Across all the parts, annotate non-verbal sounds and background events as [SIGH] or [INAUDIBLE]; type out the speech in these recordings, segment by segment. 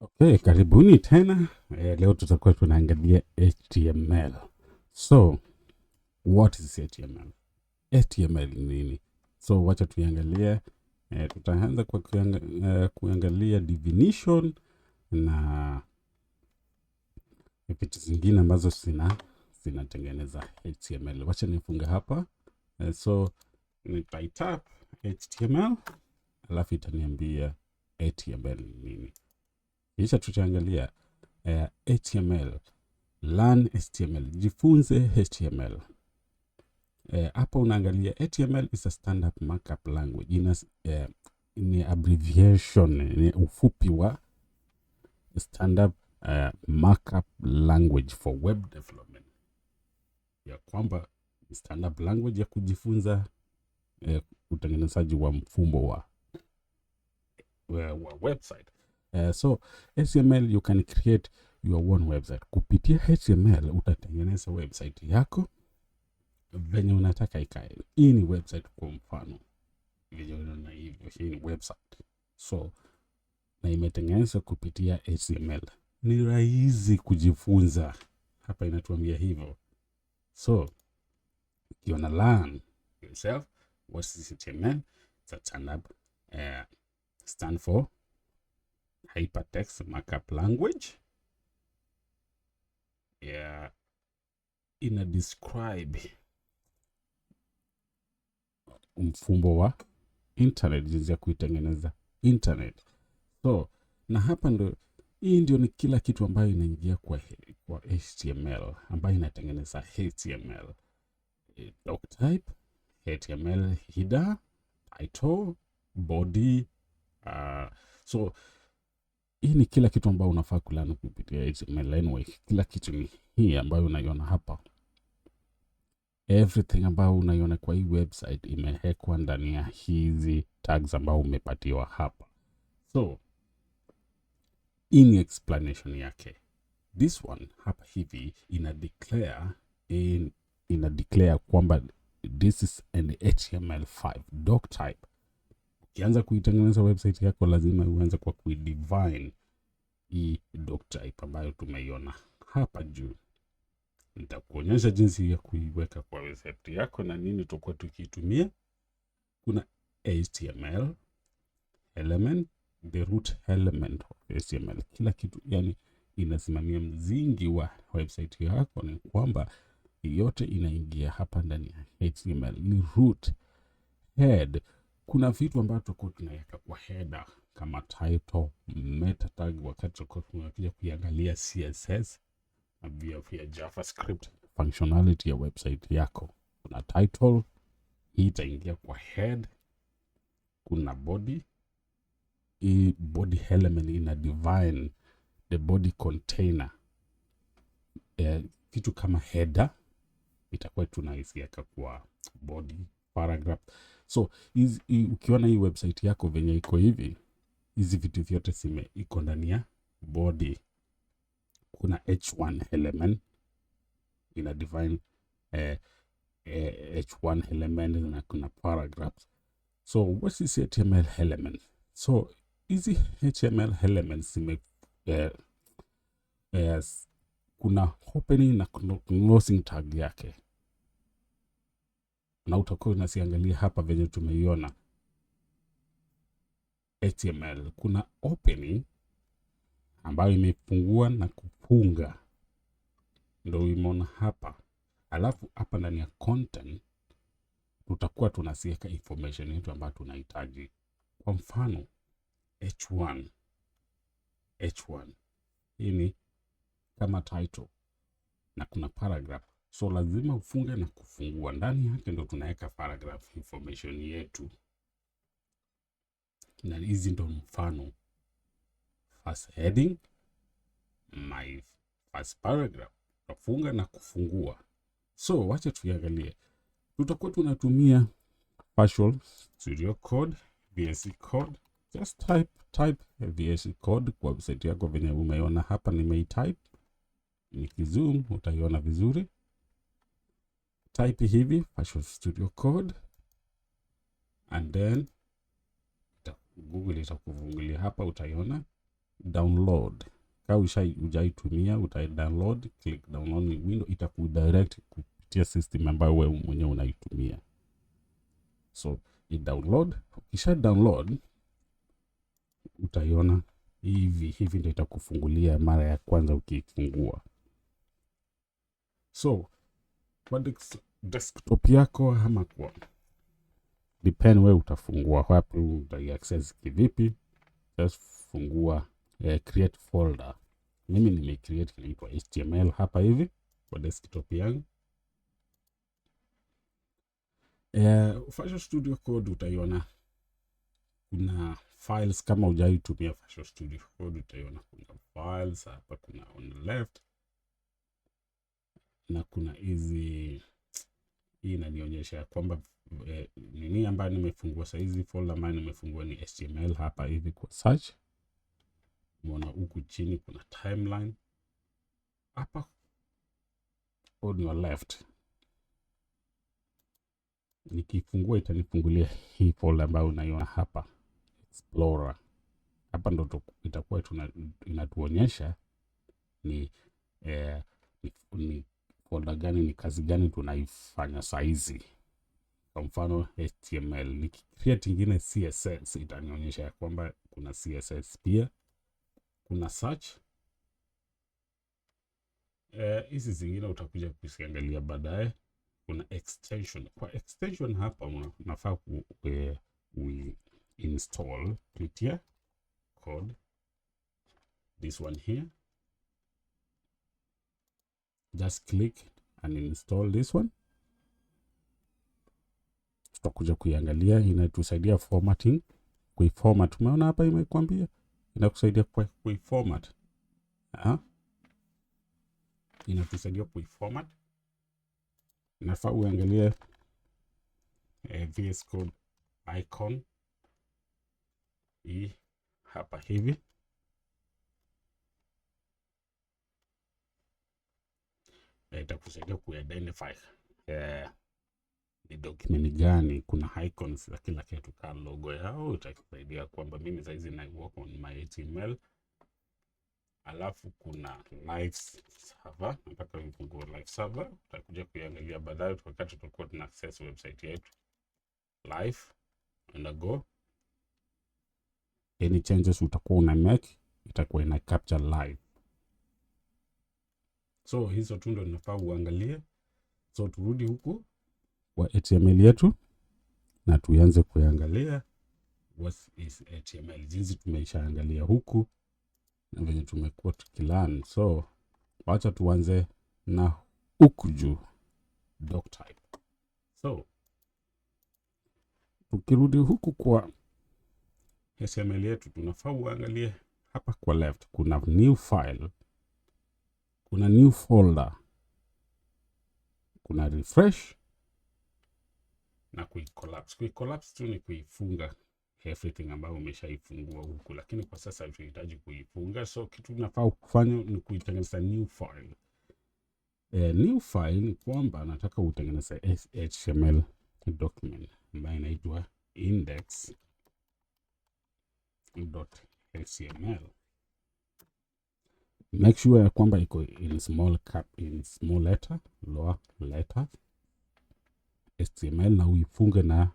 Okay, karibuni tena. Eh, leo tutakuwa tunaangalia HTML. So, what is HTML? HTML ni nini? So, wacha tuiangalie. Eh, tutaanza kwa kuangalia eh, definition na vitu zingine ambazo zina zinatengeneza HTML. Wacha nifunge hapa. Eh, so nitaitap HTML alafu itaniambia HTML ni nini. Kisha tutaangalia uh, eh, HTML, learn HTML, jifunze HTML. Eh, hapa uh, unaangalia HTML is a standard markup language. Ina, uh, ni abbreviation, ni ufupi wa standard uh, markup language for web development, ya kwamba standard language ya kujifunza uh, utengenezaji wa mfumo wa, wa, wa website. Uh, so HTML you can create your own website. Kupitia HTML utatengeneza website yako venye unataka ikae. Hii ni website kwa mfano venye hivyo, hii ni website so na imetengenezwa kupitia HTML. Ni rahisi kujifunza, hapa inatuambia hivyo. So wanna learn yourself what HTML that stand up uh, eh, stand for hypertext markup language yeah, ina describe mfumbo wa internet, jinsi ya kuitengeneza internet. So na hapa ndo hii ndio ni kila kitu ambayo inaingia kwa, kwa HTML ambayo inatengeneza HTML eh, type HTML header, title, body uh, so hii ni kila kitu ambayo unafaa kulana kupitia HTML anyway. Kila kitu ni hii ambayo unaiona hapa, everything ambayo unaiona kwa hii website imehekwa ndani ya hizi tags ambayo umepatiwa hapa. So hii ni explanation yake. This one hapa hivi ina declare in, ina declare kwamba this is an HTML5 doc type. Ukianza kuitengeneza website yako lazima uanze kwa kuidefine hii doctor type ambayo tumeiona hapa juu. Nitakuonyesha jinsi ya kuiweka kwa website yako na nini tutakuwa tukiitumia. Kuna HTML element, the root element of HTML, kila kitu yani inasimamia mzingi wa website yako, ni kwamba yote inaingia hapa ndani ya HTML. Ni root head kuna vitu ambavyo tutakuwa tunaweka kwa header kama title, meta tag, wakati tutakuwa tunakuja kuiangalia CSS na via via JavaScript functionality ya website yako. Kuna title hii itaingia kwa head, kuna body hii body element ina define the body container eh, vitu kitu kama header itakuwa tunaiziaka kwa body paragraph So hizi, ukiona hii website yako venye iko hivi, hizi vitu vyote sime iko ndani ya body. Kuna h1 element ina define eh, eh, h1 element na kuna paragraphs. So what is HTML element? So hizi HTML elements sime eh, eh, kuna opening na closing tag yake na utakuwa unasiangalia hapa venye tumeiona HTML. Kuna opening ambayo imefungua na kufunga, ndo imeona hapa. Alafu hapa ndani ya content tutakuwa tunasiweka information yetu ambayo tunahitaji. Kwa mfano H1, H1 hii ni kama title na kuna paragraph So lazima ufunge na kufungua. Ndani yake ndo tunaweka paragraph information yetu, na hizi ndo mfano: first heading, my first paragraph. tafunga na kufungua. So wacha tuiangalie, tutakuwa tunatumia partial studio code, VS code. Just type type VS code kwa website yako venye umeiona hapa nimeitype. Nikizoom utaiona vizuri type hivi Visual Studio Code and then Google itakufungulia hapa, utaiona download. Kama ujaitumia utai download, click download window, itakudirect kupitia system ambayo wewe mwenyewe unaitumia. So i download, ukisha download utaiona hivi hivi, ndio itakufungulia mara ya kwanza ukiifungua. So what is desktop yako ama kwa depend, wewe utafungua wapi, utaiaccess kivipi? Just fungua eh, create folder. Mimi nime create kinaitwa HTML hapa hivi kwa desktop yangu. Eh, Visual Studio Code utaiona kuna files kama hujaitumia Visual Studio Code utaiona kuna files hapa, kuna on the left na kuna hizi hii inanionyesha kwamba eh, nini ambayo nimefungua saizi, folder ambayo nimefungua ni HTML hapa hivi kwa search. Umeona huku chini kuna timeline hapa on your left. Nikifungua itanifungulia hii folder ambayo unaiona hapa Explorer. Hapa ndo itakuwa inatuonyesha ni, eh, ni, ni kona gani ni kazi gani tunaifanya saizi. Kwa mfano HTML nikicreate ingine CSS itanionyesha ya kwamba kuna CSS pia kuna search eh, hizi uh, zingine utakuja kuziangalia baadaye. Kuna extension. Kwa extension hapa unafaa ku eh, install kupitia code this one here just click and install this one. Tutakuja kuiangalia, inatusaidia formatting, kuiformat. Umeona hapa imekwambia inakusaidia kuiformat, inatusaidia kuiformat. Inafaa uangalie eh, VS Code icon hii hapa hivi Eh, itakusaidia kuidentify eh, ni document gani, kuna icons za kila kitu ka logo yao, itakusaidia kwamba mimi saizi na work on my HTML, alafu kuna live server, nataka nifungue live server, utakuja kuiangalia baadaye wakati tutakuwa tuna access website yetu live, na go any changes utakuwa una make itakuwa ina capture live So hizo tu ndo ninafaa uangalie. So turudi huku kwa HTML yetu na tuanze kuangalia what is HTML, jinsi tumeishaangalia huku na venye tumekuwa tukilan. So wacha tuanze na huku juu doctype. So tukirudi huku kwa HTML yetu tunafaa uangalie hapa kwa left kuna new file kuna new folder, kuna refresh na kuicollapse. Kuicollapse tu ni kuifunga everything ambayo umeshaifungua huku, lakini kwa sasa tunahitaji kuifunga, so kitu nafaa kufanya ni kuitengeneza new file. E, new file ni kwamba nataka utengeneze HTML document ambayo inaitwa index.html make sure ya kwamba iko in small cap, in small letter, lower letter HTML na uifunge na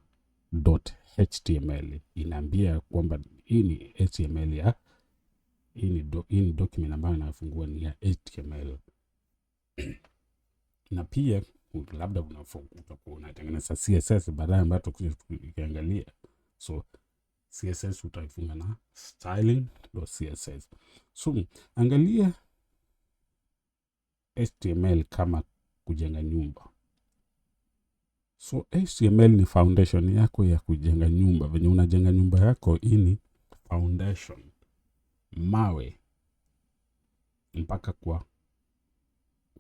dot HTML. Inaambia kwamba hii ni HTML ya hii ni, do, hii ni document ambayo inafungua ni ya HTML [CLEARS THROAT] na pia labda unatengeneza CSS baadaye ambayo tukiangalia so CSS utaifunga na styling.css. So angalia HTML kama kujenga nyumba. So HTML ni foundation yako ya kujenga nyumba, venye unajenga nyumba yako. Hii ni foundation, mawe mpaka kwa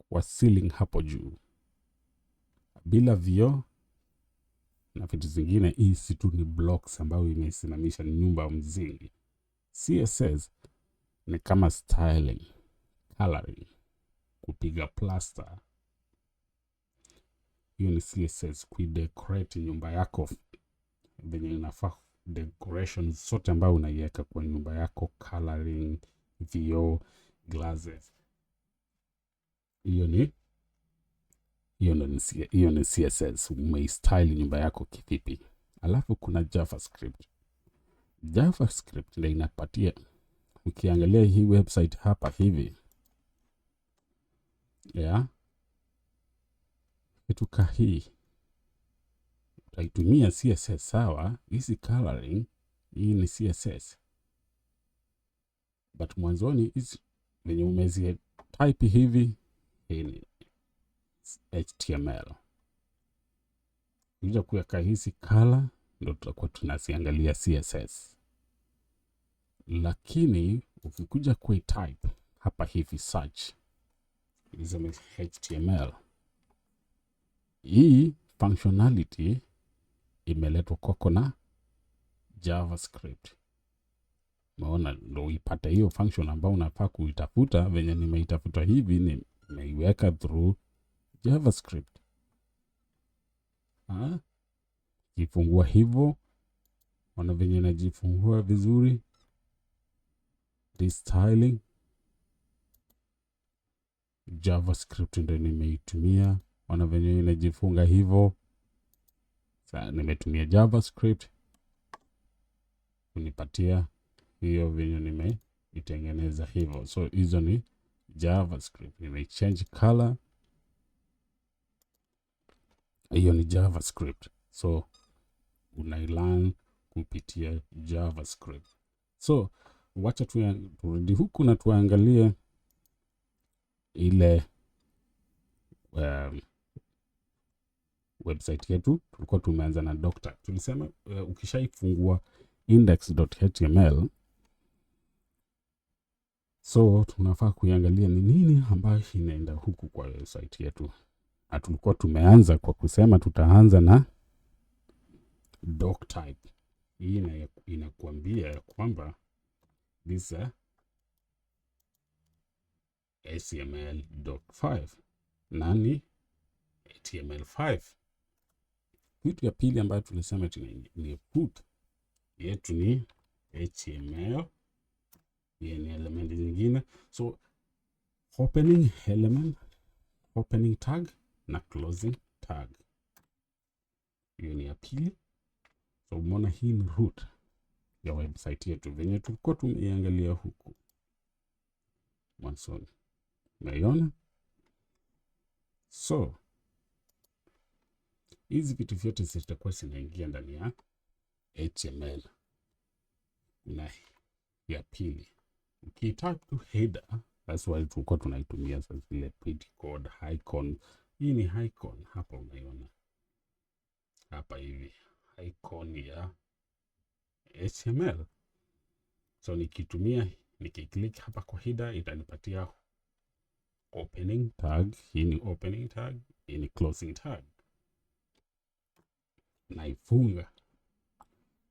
kwa ceiling hapo juu, bila vioo na vitu zingine. Hii si tu ni blocks ambayo imesimamisha nyumba mzingi CSS ni kama styling, coloring, kupiga plaster. Hiyo ni CSS, kuidecorate nyumba yako venye inafaa, decoration zote ambayo unaiweka kwa nyumba yako, coloring, vioo, glasses, hiyo ni hiyo ndo hiyo ni CSS, umeistyle nyumba yako kivipi. Alafu kuna JavaScript. JavaScript ndio inapatia, ukiangalia hii website hapa hivi yeah. Kitu ka hii utaitumia CSS sawa, hizi coloring hii ni CSS but mwanzoni hizi venye umezi type hivi hii HTML. Kuja kuweka hizi kala ndo tutakuwa tunaziangalia CSS, lakini ukikuja type hapa hivi search HTML, hii functionality imeletwa kwako na JavaScript. Umeona, ndo ipate hiyo function ambayo unafaa kuitafuta. Venye nimeitafuta hivi, nimeiweka through JavaScript. Ha? Ah, hivyo, ona venye najifungua vizuri. Restyling JavaScript ndo nimeitumia, ona venye inajifunga hivyo. Sasa nimetumia JavaScript kunipatia hiyo venye nimeitengeneza hivyo. So hizo ni JavaScript, nimechange color hiyo ni JavaScript. So unailearn kupitia JavaScript. So wacha turudi huku na tuangalie ile um, website yetu tulikuwa tumeanza na doctor. Tulisema uh, ukishaifungua index.html, so tunafaa kuiangalia ni nini ambayo inaenda huku kwa website yetu na tulikuwa tumeanza kwa kusema tutaanza na dog type. Hii inakuambia ya kwamba this a HTML doc 5 nani HTML5. Kitu ya pili ambayo tulisema ni put yetu ni HTML yenye element nyingine, so opening element, opening tag na closing tag. Hiyo ni ya pili. So umeona hii ni root ya website yetu venye tulikuwa tumeiangalia huku mwanzoni, umeiona? So hizi vitu vyote zitakuwa zinaingia ndani ya HTML. na ya pili ukitaka tu header, that's why tulikuwa tunaitumia sasa zile pretty code icon hii ni icon hapa, unaiona hapa hivi icon ya HTML. So nikitumia nikiklik hapa kwa header itanipatia opening tag. Hii ni opening tag, hii ni closing tag. Naifunga.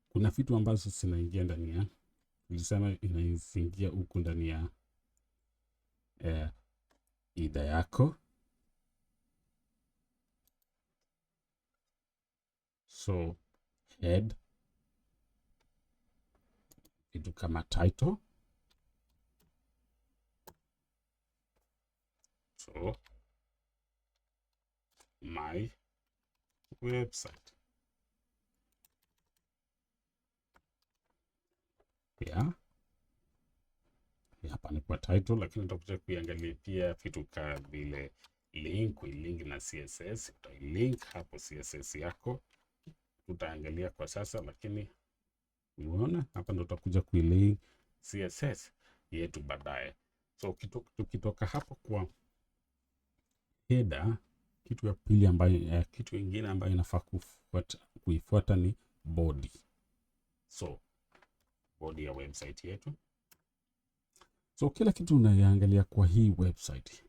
Kuna vitu ambazo zinaingia ndani ya nilisema, inaingia huku ndani ya eh, ida yako so head kitu kama title so my website yeah hapa ni kwa title, lakini utakuja kuiangalia pia vitu kama vile link, kuilink na CSS. Utailink hapo CSS yako utaangalia kwa sasa, lakini umeona hapa ndo utakuja kuilei CSS yetu baadaye. So tukitoka hapo kwa header, kitu ya pili ambayo, kitu ingine ambayo inafaa kuifuata ni body. So body ya website yetu. So kila kitu unayoangalia kwa hii website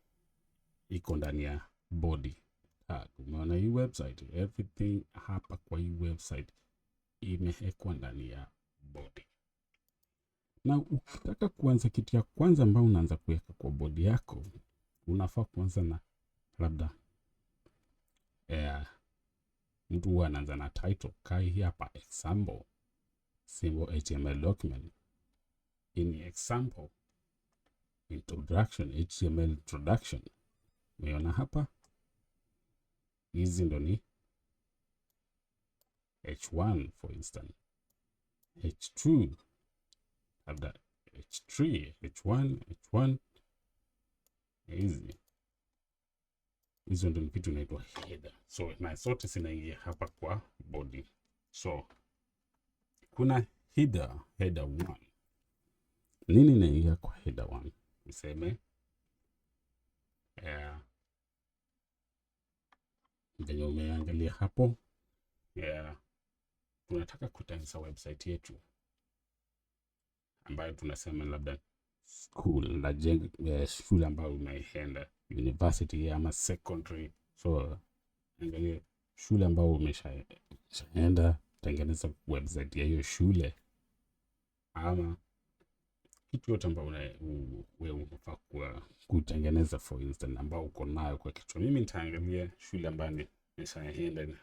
iko ndani ya body tag. Umeona hii website, everything hapa kwa hii website imewekwa ndani ya body. Na ukitaka kuanza, kitu ya kwanza ambayo unaanza kuweka kwa bodi yako, unafaa kuanza na labda eh, mtu huwa anaanza na title. Kai hii hapa example simple HTML document, in example introduction, HTML introduction. Umeona hapa hizi ndo ni h1 for instance, h2 labda h3, h1, h1 hizi hizo ndo kitu inaitwa header. So na zote zinaingia hapa kwa body. So kuna header, header 1. Nini inaingia kwa header 1? Niseme yeah venye umeangalia hapo yeah. Tunataka kutengeneza website yetu ambayo tunasema labda school la uh, shule ambayo umeenda university ama secondary. So angalia shule ambayo umeshaenda, tengeneza website ya hiyo shule ama kitu yote ambayo wewe unafaa kutengeneza for instance, ambao uko nayo kwa kichwa. Mimi nitaangalia shule ambayo nishaenda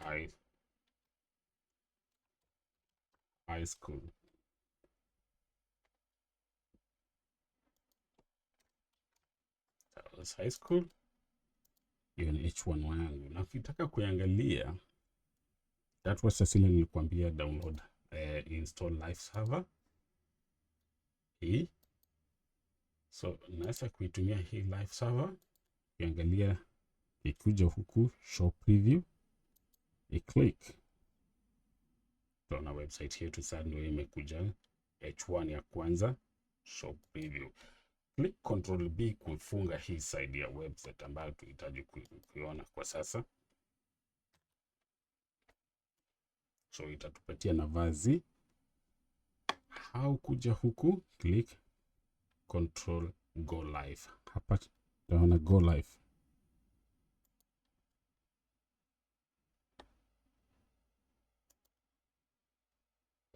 High, high school high school hiyo ni h1 yangu, na ukitaka kuiangalia that was sasa ile nilikwambia download uh, install live server hii. So naweza kuitumia hii live server ukiangalia, ikuja huku show preview, i click tuna website yetu sasa ndio imekuja h1 ya kwanza show preview click control B kufunga hii side ya website ambayo tunahitaji kuiona kwa sasa. So itatupatia nafasi au kuja huku click control go live. Hapa tunaona go live.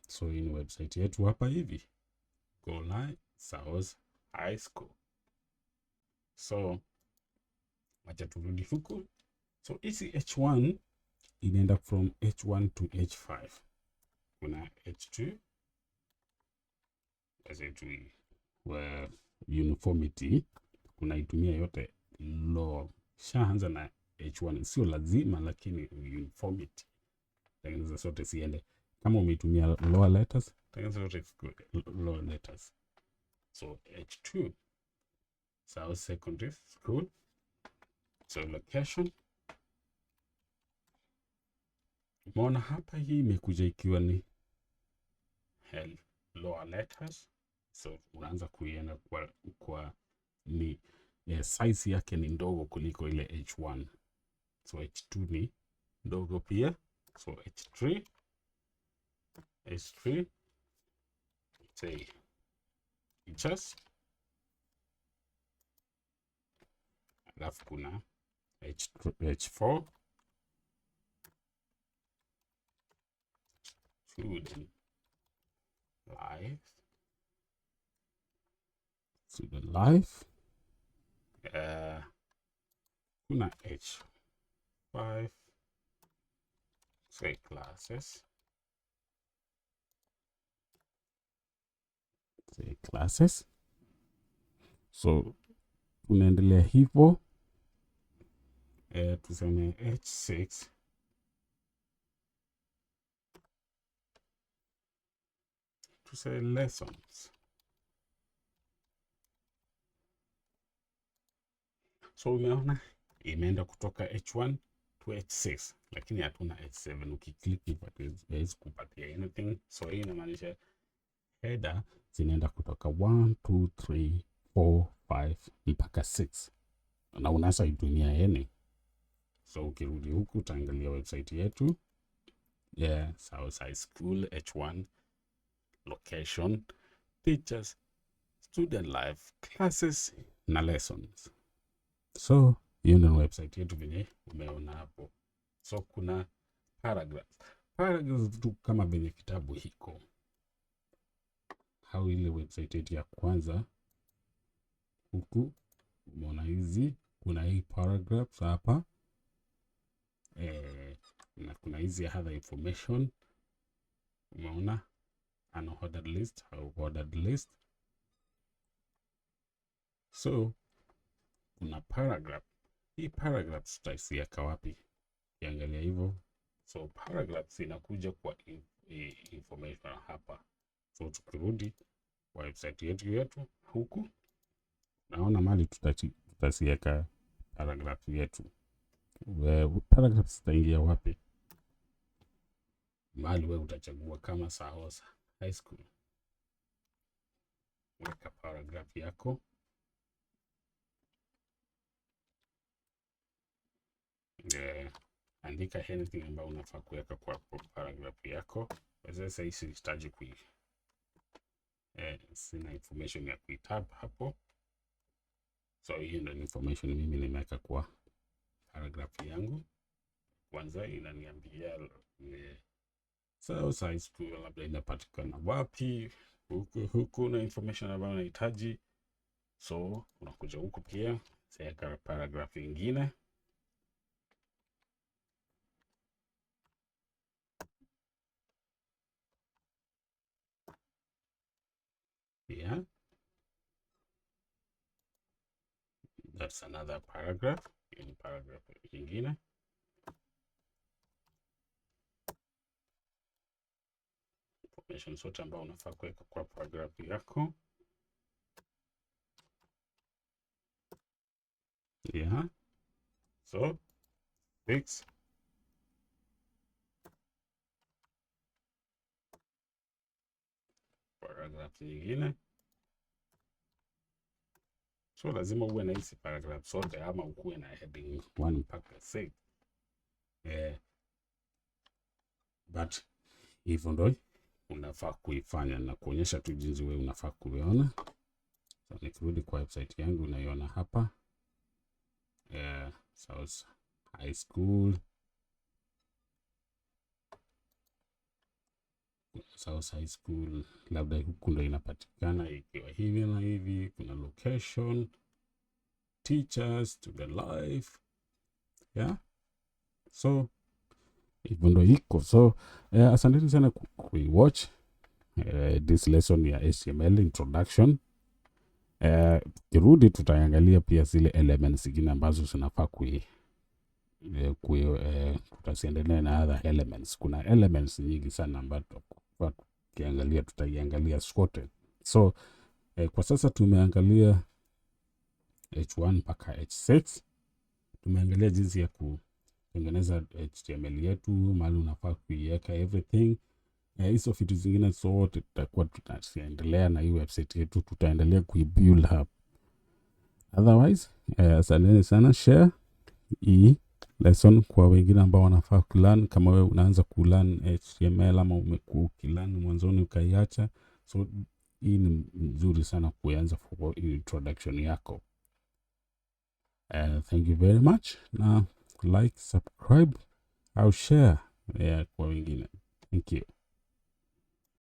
So hii ni website yetu hapa hivi, go live sawa high school. So wacha turudi huku. So hizi H1 inaenda from H1 to H5, kuna H2 azetui wa uniformity unaitumia yote law. Shaanza na H1, sio lazima, lakini uniformity tengeneza zote siende. Kama umeitumia lower letters, tengeneza zote lower letters So H2, South Secondary School. So location umeona hapa, hii imekuja ikiwa ni hell, lower letters. So unaanza kuiona kwa, kwa ni eh, size yake ni ndogo kuliko ile H1. So H2 ni ndogo pia. So H3 H3 say features alafu kuna h H4 student life the life uh, kuna H5 say classes classes. So unaendelea hivyo e, eh, tuseme h6 tuse lessons. So umeona imeenda kutoka h1 to h6, lakini hatuna h7. Ukiklik haiwezi kupatia anything, so hii inamaanisha header zinaenda kutoka 1 2 3 4 5 mpaka 6 na unaweza itumia any. So ukirudi huku utaangalia website yetu ya yeah, South School H1, location, teachers, student life, classes na lessons. So hiyo ndio website yetu venye umeona hapo. So kuna paragraph paragraph tu kama venye kitabu hiko au ile website yetu ya kwanza. Huku umeona hizi, kuna hii paragraphs hapa e, na kuna hizi other information umeona an ordered list au ordered list. So kuna paragraph hii paragraphs tutaiweka wapi? Kiangalia hivyo, so paragraphs inakuja kwa eh, information hapa So tukirudi website yetu yetu huku, naona mali tutasiweka paragraph yetu. Paragraph zitaingia wapi? Mali we utachagua kama Sahosa High School, weka paragraph yako Yeah. Andika anything ambayo unafaa kuweka kwa paragraph yako. Sasa hii sihitaji kui eh, sina information ya kuitab hapo. So hiyo ndio information mimi nimeweka kwa paragraph yangu. Kwanza inaniambia eh, so size tu labda inapatikana wapi huku huku, na information ambayo nahitaji So unakuja huku pia seka paragraph nyingine. here. That's another paragraph. in paragraph nyingine. Information zote ambao unafaa kuweka kwa paragraph yako. Yeah. So, fix paragraph nyingine. So lazima uwe na hizi paragraph zote ama ukuwe na heading 1 mpaka 6. Eh, but hivyo ndio unafaa kuifanya na kuonyesha tu jinsi wewe unafaa kuiona. So, nikirudi kwa website yangu unaiona hapa eh, yeah. South High School South High School, labda huku ndo inapatikana ikiwa hivi na hivi, kuna location, teachers, student life, yeah? So hivyo ndo iko so. Uh, asanteni sana kuiwatch uh, this lesson ya HTML introduction. Eh, kirudi tutaangalia pia zile elements zingine ambazo zinafaa kui tutaziendelea uh, na other elements. Kuna elements nyingi sana ambazo tutakuwa tukiangalia, tutaiangalia sote. So eh, kwa sasa tumeangalia H1 mpaka H6. Tumeangalia jinsi ya kutengeneza HTML yetu, mahali unafaa kuiweka everything. Eh, hizo vitu zingine zote tutakuwa tutaendelea na hii website yetu, tutaendelea kuibuild up. Otherwise, eh, asanteni eh, sana, share hii lesson kwa wengine ambao wanafaa kulearn. Kama wewe unaanza kulearn HTML ama umekuwa ukilearn mwanzoni ukaiacha, so hii ni mzuri sana kuanza for introduction yako. Uh, thank you very much na like, subscribe au share yeah, kwa wengine. Thank you.